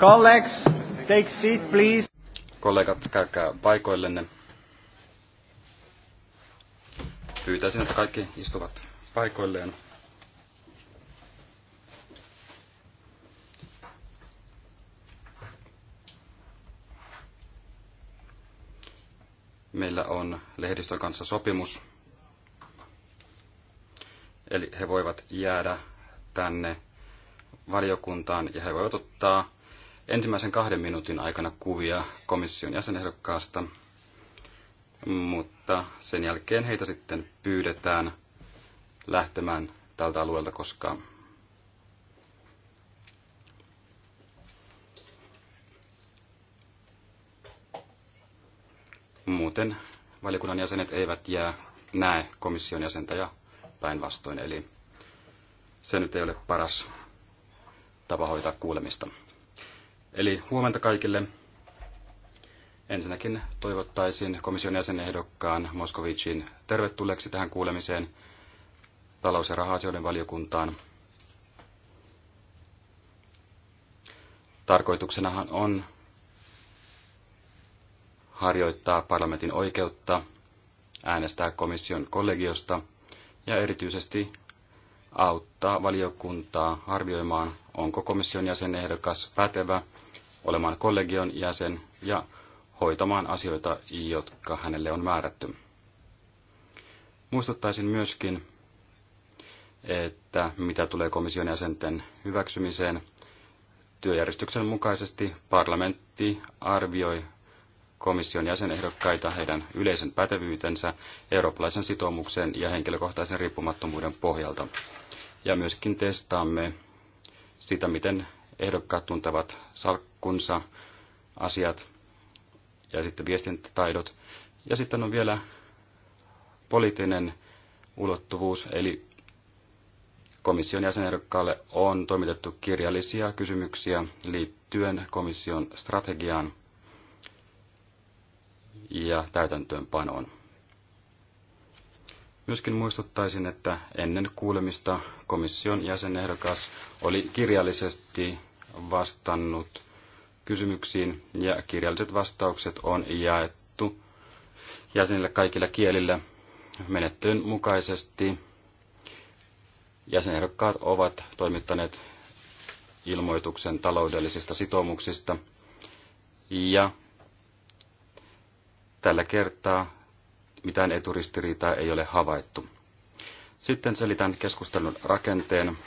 Colleagues, take seat, please. Kollegat, käykää paikoillenne. Pyytäisin, että kaikki istuvat paikoilleen. Meillä on lehdistön kanssa sopimus. Eli he voivat jäädä tänne valiokuntaan ja he voivat ottaa ensimmäisen kahden minuutin aikana kuvia komission jäsenehdokkaasta, mutta sen jälkeen heitä sitten pyydetään lähtemään tältä alueelta, koska muuten valiokunnan jäsenet eivät jää näe komission jäsentä ja päinvastoin, eli se nyt ei ole paras tapa hoitaa kuulemista. Eli huomenta kaikille. Ensinnäkin toivottaisin komission jäsenehdokkaan Moskovicin tervetulleeksi tähän kuulemiseen talous- ja raha valiokuntaan. Tarkoituksenahan on harjoittaa parlamentin oikeutta äänestää komission kollegiosta ja erityisesti auttaa valiokuntaa arvioimaan, onko komission jäsenehdokas pätevä olemaan kollegion jäsen ja hoitamaan asioita, jotka hänelle on määrätty. Muistuttaisin myöskin, että mitä tulee komission jäsenten hyväksymiseen, työjärjestyksen mukaisesti parlamentti arvioi komission jäsenehdokkaita heidän yleisen pätevyytensä, eurooppalaisen sitoumuksen ja henkilökohtaisen riippumattomuuden pohjalta ja myöskin testaamme sitä, miten ehdokkaat tuntevat salkkunsa, asiat ja sitten viestintätaidot. Ja sitten on vielä poliittinen ulottuvuus, eli komission jäsenehdokkaalle on toimitettu kirjallisia kysymyksiä liittyen komission strategiaan ja täytäntöönpanoon. Myöskin muistuttaisin, että ennen kuulemista komission jäsenehdokas oli kirjallisesti vastannut kysymyksiin ja kirjalliset vastaukset on jaettu jäsenille kaikilla kielillä menettelyn mukaisesti. Jäsenehdokkaat ovat toimittaneet ilmoituksen taloudellisista sitoumuksista ja tällä kertaa mitään eturistiriitaa ei ole havaittu. Sitten selitän keskustelun rakenteen.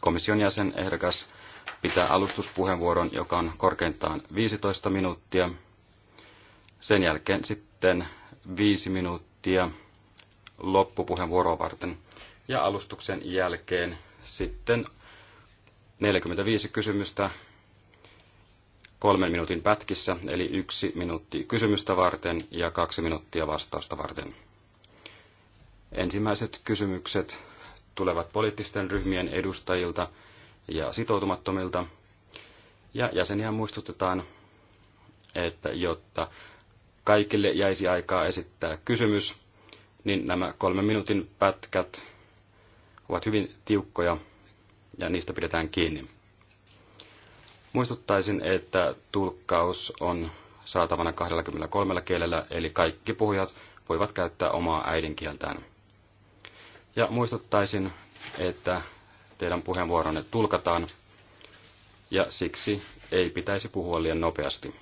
Komission jäsen ehdokas pitää alustuspuheenvuoron, joka on korkeintaan 15 minuuttia. Sen jälkeen sitten 5 minuuttia loppupuheenvuoroa varten. Ja alustuksen jälkeen sitten 45 kysymystä kolmen minuutin pätkissä, eli yksi minuutti kysymystä varten ja kaksi minuuttia vastausta varten. Ensimmäiset kysymykset tulevat poliittisten ryhmien edustajilta ja sitoutumattomilta, ja jäseniä muistutetaan, että jotta kaikille jäisi aikaa esittää kysymys, niin nämä kolmen minuutin pätkät ovat hyvin tiukkoja ja niistä pidetään kiinni. Muistuttaisin, että tulkkaus on saatavana 23 kielellä, eli kaikki puhujat voivat käyttää omaa äidinkieltään. Ja muistuttaisin, että teidän puheenvuoronne tulkataan, ja siksi ei pitäisi puhua liian nopeasti.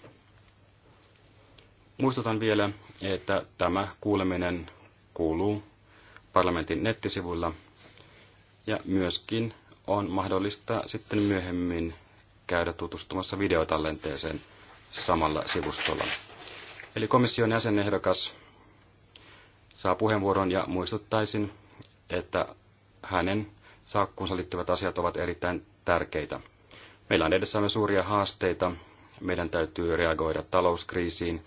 Muistutan vielä, että tämä kuuleminen kuuluu parlamentin nettisivuilla, ja myöskin on mahdollista sitten myöhemmin käydä tutustumassa videotallenteeseen samalla sivustolla. Eli komission jäsenehdokas saa puheenvuoron ja muistuttaisin, että hänen saakkuunsa liittyvät asiat ovat erittäin tärkeitä. Meillä on edessämme suuria haasteita. Meidän täytyy reagoida talouskriisiin.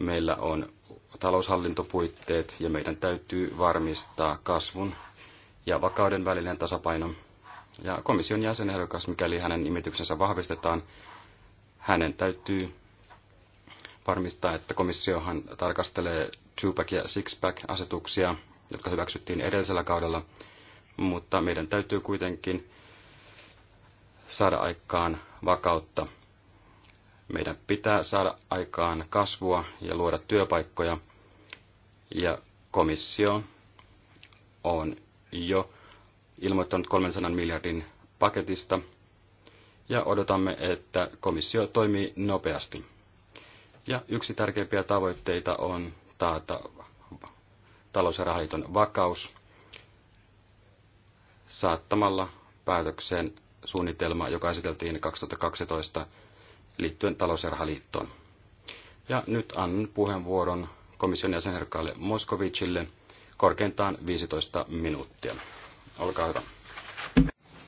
Meillä on taloushallintopuitteet ja meidän täytyy varmistaa kasvun ja vakauden välinen tasapaino. Ja komission jäsenehdokas, mikäli hänen nimityksensä vahvistetaan, hänen täytyy varmistaa, että komissiohan tarkastelee two-pack ja six-pack asetuksia, jotka hyväksyttiin edellisellä kaudella, mutta meidän täytyy kuitenkin saada aikaan vakautta. Meidän pitää saada aikaan kasvua ja luoda työpaikkoja, ja komissio on jo ilmoittanut 300 miljardin paketista ja odotamme, että komissio toimii nopeasti. Ja yksi tärkeimpiä tavoitteita on taata talous- ja rahaliiton vakaus saattamalla päätökseen suunnitelma, joka esiteltiin 2012 liittyen talous- ja rahaliittoon. Ja nyt annan puheenvuoron komission jäsenherkkaalle Moskovicille korkeintaan 15 minuuttia. Olkaa hyvä.